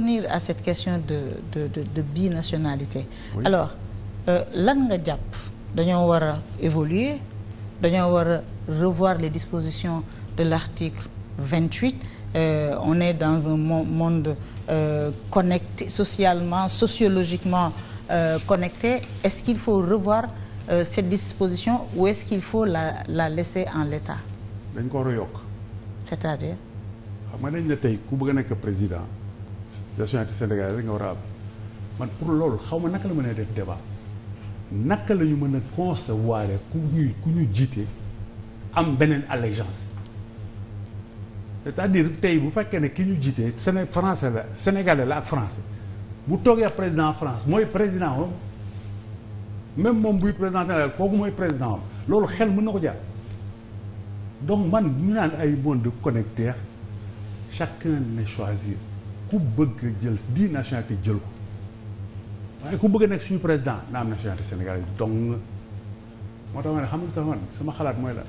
revenir à cette question de de de, de binationalité. Oui. alors euh, lan nga jàpp dañoo war a évoluer dañoo war a revoir les dispositions de l'article 28 euh, on est dans un monde euh, connecté socialement sociologiquement euh, connecté est-ce qu'il faut revoir euh, cette disposition ou est-ce qu'il faut la la laisser en l'état dañ ko war c'est-à-dire. nationalité sénégalaise rek nga war a am man pour loolu xaw ma naka la mën a def débat naka la ñu mën a concevoir ku ñuy ku ñu jiite am beneen allégeance c'est-à-dire tey bu fekkee ne ki ñu jiite Séné français la sénégalais la ak français bu toogee président France mooy président am même moom buy président sénégal kooku mooy président am loolu xel mën na ko jaar donc man ñu naan ay monde connecteur chacun ne choisir ku bëgg jël di nationalité jël ko waaye ku bëgg nekk suñu président na am nationalité sénégalaise dong moo tax ma ne xam nga tax man sama xalaat mooy la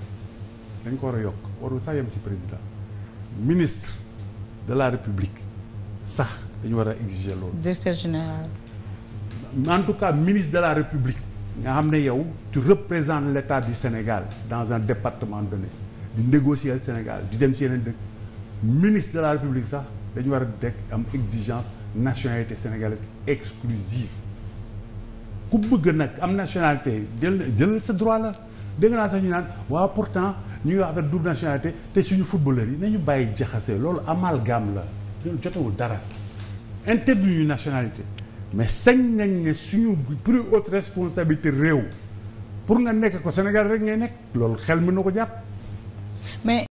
dañ ko war a yokk warul sax si président ministre de la république sax dañu war a exiger loolu. directeur général. en tout de la république. nga xam ne yow tu représentes l'état du Sénégal dans un département donné di négocier Sénégal di dem si yeneen dëkk ministre de la république sax. dañu war a dekk am exigence nationalité sénégalaise exclusive ku bëgg nag am nationalité jël jëlal sa droit la dégg naa sax ñu naan waaw pourtant ñu ngi wax affaire double nationalité te suñu footballeurs yi nañu bàyyi jaxase loolu amalgame la loolu dara interdit ñu nationalité mais sañ nañ ne suñu plus haute responsabilité réew pour nga nekk ko Sénégal rek ngay nekk loolu xel mën na ko jàpp